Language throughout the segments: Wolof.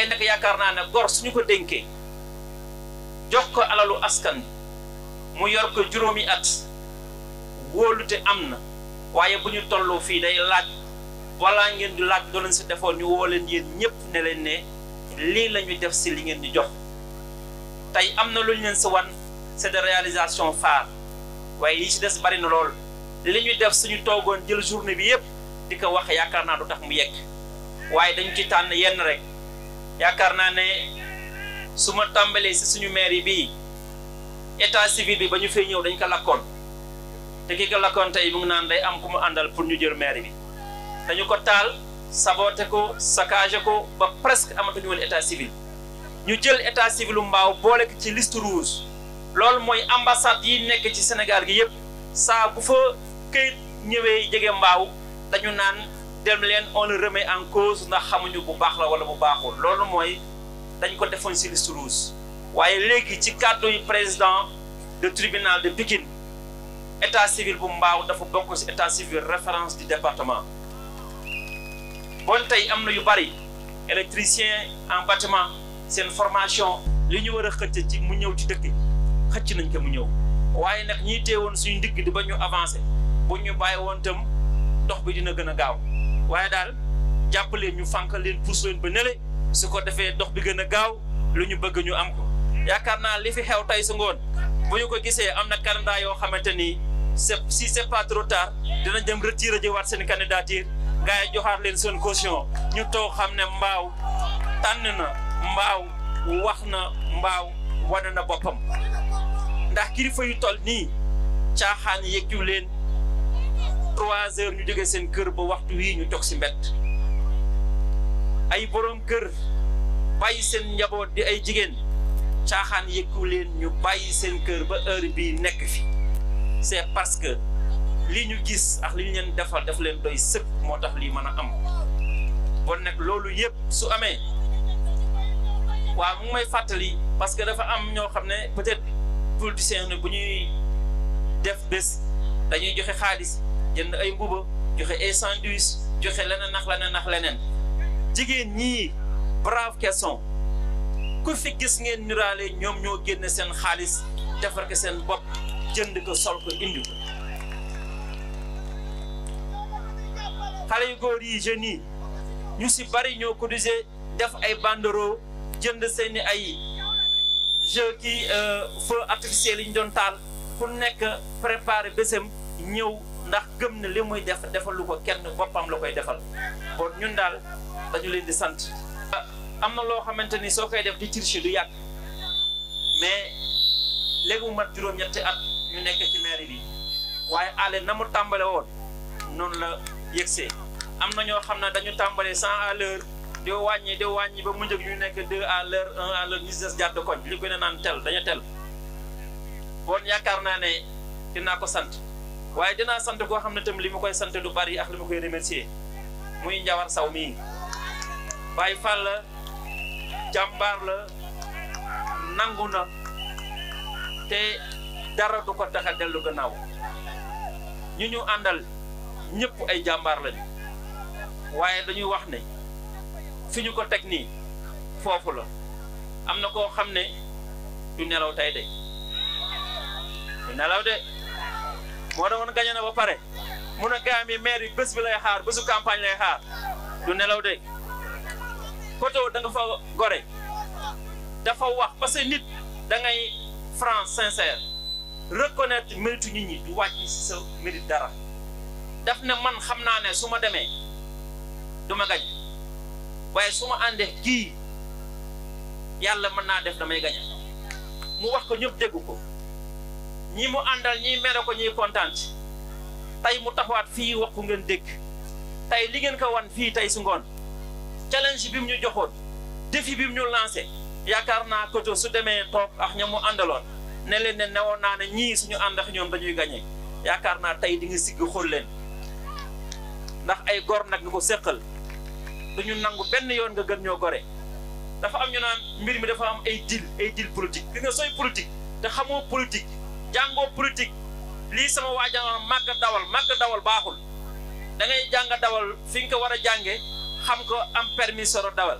waaye nag yaakaar naa ne gor suñu ko dénkee jox ko alalu askan mu yor ko juróomi at wóolute am na waaye bu ñu tolloo fii day laaj balaa ngeen di laaj doo leen si defoon ñu woo leen yéen ñëpp ne leen lii la ñu def si li ngeen di jox tey am na lu ñu leen si wan waaye yi ci des bari na lool li ñu def suñu toogoon jël journée bi yëpp di ko wax yaakaar naa lu tax mu yegg waaye dañu ci tànn yenn rek. yaakaar naa ne su ma tàmbalee si suñu maire bi bii état bi ba ñu fee ñëw dañ ko lakkoon te ki ko lakkoon tey mu ngi naan day am ku mu àndal pour ñu jël maire bi dañu ko taal saboté ko saccagé ko ba presque amatuñu woon état civil ñu jël état civil mbaaw boole ko ci liste rouge loolu mooy ambassade yi nekk ci Sénégal gi yëpp saa bu fa këyit ñëwee jege mbaaw dañu naan. dem leen on le remet en cause ndax xamuñu bu baax la wala bu baaxul loolu mooy dañ ko defoon ci liste rouge waaye léegi ci kàddu yi président de tribunal de Pikine état civil bu mbaaw dafa bokk ci état civil référence du département bon tey am na yu bari électricien en bâtiment seen formation li ñu war a xëcc ci mu ñëw ci dëkk xëcc nañ ko mu ñëw waaye nag ñiy teewoon suñu ndigg di ba ñu avancé bu ñu bàyyi woon tam dox bi dina gën a gaaw waaye daal jàppaleen ñu fànq leen pousse leen ba nele su ko defee dox bi gën gaaw lu ñu bëgg ñu am ko yaakaar naa li fi xew tey su ngoon bu ñu ko gisee am na candidat yoo xamante ni c'est si c'est pas trop tard dina dem retiré jëwaat seen candidature gars yi joxaat leen seen caution ñu toog xam ne mbaaw tànn na mbaaw wax na mbaaw wane na boppam ndax kilifa yu tol nii caaxaan yëggu trois heures ñu jógee seen kër ba waxtu wii ñu toog si mbett ay borom kër bàyyi seen njaboot di ay jigéen caaxaan yëkku leen ñu bàyyi seen kër ba heure bii nekk fi c'est parce que lii ñu gis ak li ñu leen defal daf leen doy sëp moo tax lii mën a am bon nag loolu yëpp su amee waa mu may fàttali parce que dafa am ñoo xam ne peut-être politiciens ne bu ñuy def bés dañuy joxe xaalis jënd ay mbuba joxe ay sandwich joxe leneen nax leneen nax leneen jigéen ñi brave question ku fi gis ngeen nuraale ñoom ñoo génn seen xaalis defar ko seen bopp jënd ko sol ko indi ko xale yu góor yi jeunes yi ñu si bari ñoo cotisé def ay banderole jënd seen ay jeu kii euh, feu artificiel yi ñu doon taal ku nekk préparé bésam ñëw ndax gëm na li muy def defalu ko kenn boppam la koy defal kon ñun daal dañu leen di sant. Ah, am na loo xamante ni soo koy def di triche du yàgg mais léegi mu mat juróom-ñetti at ñu nekk ci mairie bi waaye ale na mu tàmbale woon noonu la yëgsee am na ñoo xam ne dañu tàmbale cent à l'heure di wàññi di wàññi ba mu njëg ñu nekk deux à l'heure un à l'heure ñu des jàdd koñ li gën naan tel dañu tel bon yaakaar naa ne dinaa ko sant waaye dinaa sant koo xam ne tam li ma koy sant du bari ak li ma koy remercier muy Njawar Saw mii Baay Fall la jàmbaar la nangu na te dara du ko tax a dellu gannaaw ñu ñu àndal ñëpp ay jàmbaar lañu waaye dañuy wax ne fi ñu ko teg nii foofu la am na koo xam ne du nelaw tey de du nelaw de. wara ne woon gañe na ba pare mu a gaa maire yi bés bi lay xaar bésu campagne lay du nelaw de côté da fa gore dafa wax parce que nit da ngay franc sincère reconnaître méritu nit ñi du wàcc si sa dara daf ne man xam naa ne su ma demee du ma gañ waaye su ma àndee kii yàlla mën naa def damay gañe mu wax ko ñëpp dégg ko ñi mu àndal ñiy mere ko ñuy kontaan mu taxawaat fii wax ku ngeen dégg tey li ngeen ko wan fii tey su ngoon challenge bi mu ñu joxoon défi bi mu ñu lancé yaakaar naa koto su demee toog ak ña mu àndaloon ne leen ne newoon naa ne ñii suñu ànd ak ñoom dañuy gañee yaakaar naa tey di nga sigg xool leen ndax ay gor nag ñu ko séqal dañu nangu benn yoon nga gën ñoo gore dafa am ñu naan mbir mi dafa am ay deal ay deal politique gis nga sooy politique te xamoo politique jàngoo politique lii sama waa jàngoon màgg dawal màgg dawal baaxul da ngay jàng dawal fi nga ko war a jànge xam ko am permis soro dawal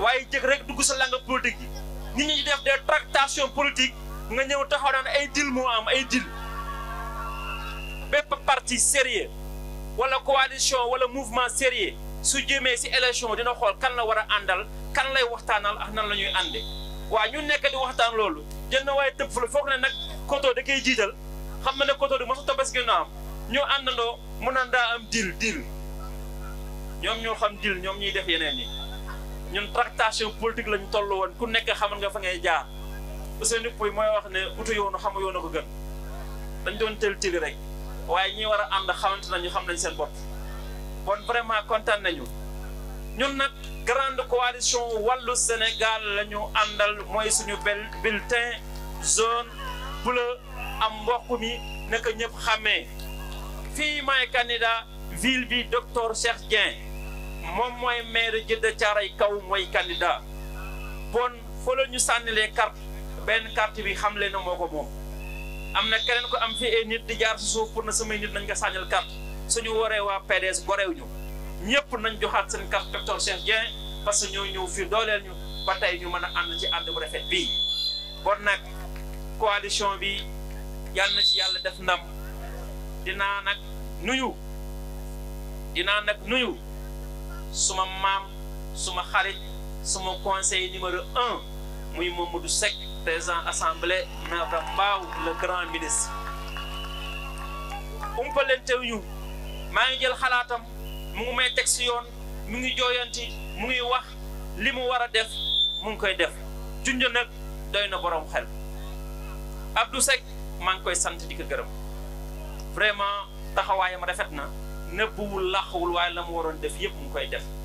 waaye jëkk rek dugg sa làng politique yi nit ñi di def des tractations politiques nga ñëw taxaw naan ay deal am ay deal bépp parti sérieux wala coalition wala mouvement sérieux su jëmee ci élection dina xool kan la war a àndal kan lay waxtaanal ak nan la ñuy ànde waa ñu nekk di waxtaan loolu jël na waaye tëb fu la ne nag koto da kay jiital xam nga ne koto du mosu tabaski na am ñoo àndandoo mu naan daa am dil dil ñoom ñoo xam dil ñoom ñuy def yeneen yi ñun tractation politique lañ toll woon ku nekk xamal nga fa ngay jaar Ousseynou Pouye mooy wax ne utu yoonu xamu yoon ko gën dañ doon tël tili rek waaye ñi war a ànd xamante nañu xam nañ seen bopp kon vraiment kontaan nañu ñun nag grande coalition wàllu Sénégal la ñu àndal mooy suñu bel bulletin zone bu am mboq mi naka ñëpp xàmmee fii may candidat ville bi docteur Cheikh Dieng moom mooy maire Djeddah Thiaroye Kaw mooy candidat bon fa la ñu sànnilee carte benn carte bi xamle na moo ko moom am na keneen ko am fi ay nit di jaar si suuf pour na samay nit nañ nga sànnil carte suñu waree waa PDS goreew nañ joxaat seen carte docteur Cheikh Dieng parce que ñoo ñëw fii dooleel ñu ba tey ñu mën a ànd ci ànd bu rafet bii bon nag coalition bi yàlla na ci yàlla def ndam dinaa nag nuyu dinaa nag nuyu suma maam suma xarit suma conseil numéro un muy Mamadou Seck président assemblée naata mbaaw le grand ministre umpalentewuñu maa ngi jël xalaatam mu may teg si yoon mu ngi jooyanti mu ngi wax li mu war a def mu ngi koy def junj nag doy na borom xel Abdou Seck maa ngi koy sant di ko gërëm vraiment taxawaayam rafet na nëbbuwul làqwul waaye la mu waroon def yëpp mu koy def